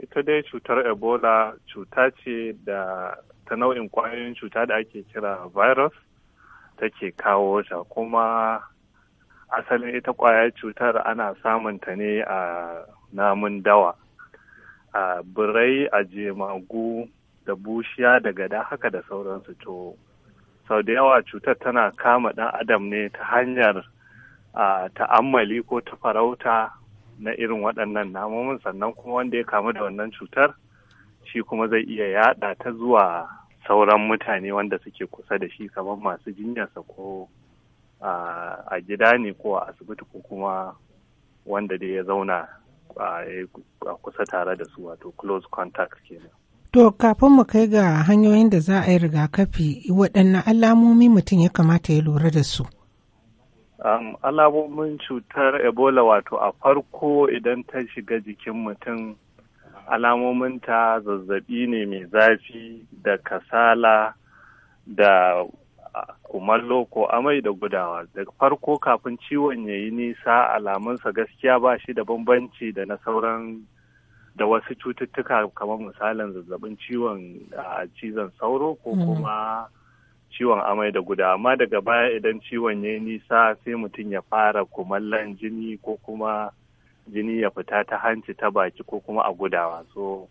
ita dai cutar ebola cuta ce da ta nau'in kwayoyin cuta da ake kira virus take kawo ta kuma asalin ita kwayar cutar ana samun ta ne a namun dawa a birai a jemagu da bushiya da gada haka da sauransu to sau da yawa cutar tana kama ɗan adam ne ta hanyar ta'ammali ko ta farauta na irin waɗannan namomin sannan kuma wanda ya kamu da wannan cutar shi kuma zai iya yaɗa ta zuwa sauran mutane wanda suke kusa da shi kamar masu jinyarsa ko a gida ne ko a asibiti ko kuma wanda dai ya zauna a kusa tare da su wato close contact kenan. To kafin mu kai ga hanyoyin da za a yi rigakafi waɗannan alamomi mutum ya kamata ya lura da su. um, alamomin cutar ebola wato a farko idan ta shiga jikin mutum alamomin ta zazzabi ne mai zafi da kasala da kumallo ko amai da gudawa da farko kafin ciwon ya yi nisa alamunsa gaskiya ba shi da bambanci da na sauran da wasu cututtuka kamar misalin zazzabin ciwon cizon sauro ko mm-hmm. kuma mm -hmm. ciwon amai da guda amma daga baya idan ciwon ya nisa sai mutum ya fara kumallon jini ko kuma jini ya fita ta hanci ta baki ko kuma a gudawa so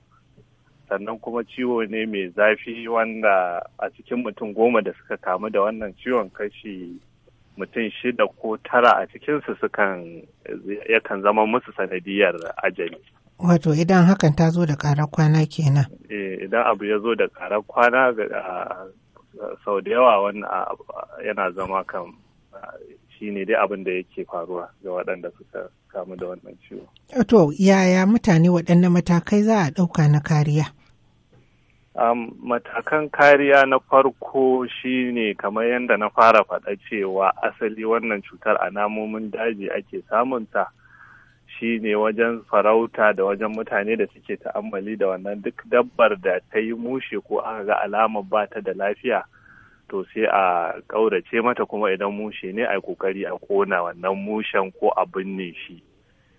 sannan kuma ciwo ne mai zafi wanda a cikin mutum goma da suka kamu da wannan ciwon kashi mutum shida ko tara a cikinsu sukan yakan zama musu sanadiyar ajali. Wato idan hakan ta zo da kwana kenan. Eh, idan abu ya zo da ƙarar kwana sau da yawa wani yana zama kan ah, shi ne dai abin da yake faruwa ga waɗanda suka kamu da wannan ciwo. Eh, to, yaya mutane waɗanne matakai za a ɗauka na kariya? Um, matakan kariya na farko shi ne kamar yadda na fara faɗa cewa asali wannan cutar a namomin daji ake samunta shi ne wajen farauta da wajen mutane da suke ta'ammali da wannan duk dabbar da ta yi mushe ko aka ga alamar ba ta da lafiya to sai a ƙaurace mata kuma idan mushe ne a kokari a kona wannan mushen ko a binne shi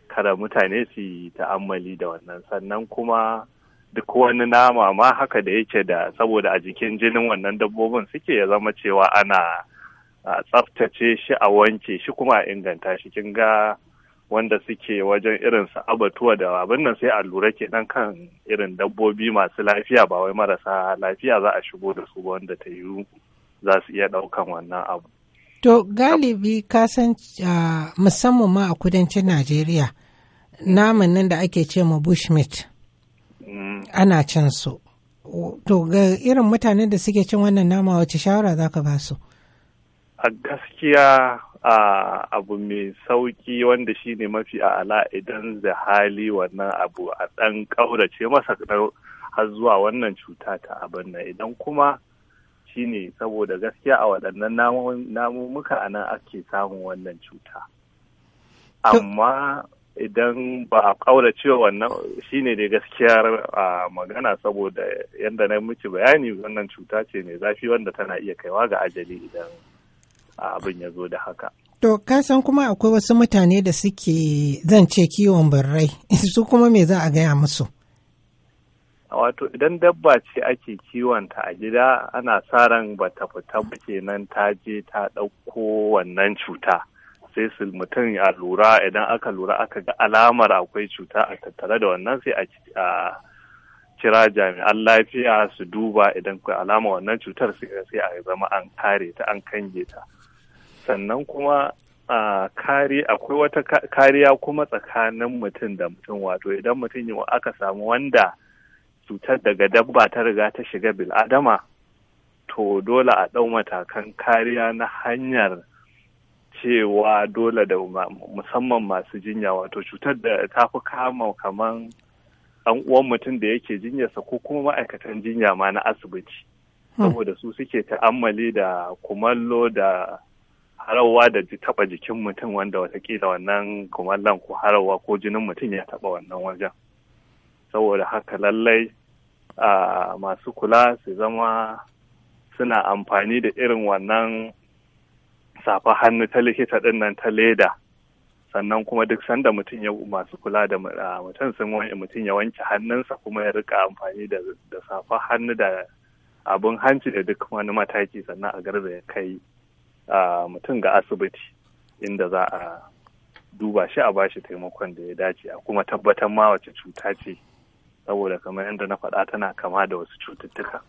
kada mutane su yi ta'ammali da wannan sannan kuma duk wani nama ma haka da yake da saboda a jikin jinin wannan dabbobin suke ya zama cewa ana tsaftace shi a wanke shi kuma a inganta shi kin ga wanda suke wajen irin su abatuwa da abin nan sai a lura ke dan kan irin dabbobi masu lafiya ba wai marasa lafiya za a shigo da su wanda ta yiwu za su iya ɗaukan wannan abu. To galibi ka san ah, musamman ma a kudancin Najeriya naman nan da ake ce ma bushmeat mm. ana cin su. To ga irin mutanen da suke cin wannan nama wace shawara za ka ba su? A gaskiya a abu mai sauki wanda shi ne mafi ala idan da hali wannan abu a ɗan ƙaurace masa har zuwa wannan cuta ta abin nan idan kuma shi ne saboda gaskiya a waɗannan namumuka a nan ake samun wannan cuta amma idan ba a ƙaurace wannan shi ne da gaskiyar magana saboda yadda na miki bayani wannan cuta ce mai zafi wanda tana iya kaiwa ga ajali idan abin ya zo da haka. To, ka san kuma akwai wasu mutane da suke zan ce kiwon birrai, su kuma me za a gaya musu? Wato, idan dabba ce ake kiwonta a gida ana sa ran ba fita ba kenan ta je ta ɗauko wannan cuta. sai su mutum ya lura idan aka lura aka ga alamar akwai cuta a tattare da wannan sai a kira jami'an lafiya su duba idan akwai alama wannan cutar sai a zama an kare ta an kange ta. sannan kuma a kari akwai wata kariya kuma tsakanin mutum da mutum wato idan mutum yi aka samu wanda cutar daga dabba ta riga ta shiga bil'adama to dole a ɗau matakan kariya na hanyar cewa dole da musamman masu jinya wato cutar da ta fi kama kaman an uwan mutum da yake jinyarsa ko kuma ma'aikatan jinya ma na asibiti hmm. saboda su suke ta'ammali da kumallo da harawa da taɓa jikin mutum wanda watakila wannan kumallon ko harawa ko jinin mutum ya taɓa wannan wajen saboda haka lallai masu kula su zama suna amfani da irin wannan safa hannu ta likita ɗin nan ta leda sannan kuma duk sanda mutum ya masu kula da mutum sun wani mutum ya wanke hannunsa kuma ya rika amfani da safa hannu da abin hanci da duk wani mataki sannan a garza ya kai mutum ga asibiti inda za a duba shi a bashi taimakon da ya dace a kuma tabbatar ma wace cuta ce saboda kamar yadda na faɗa tana kama da wasu cututtuka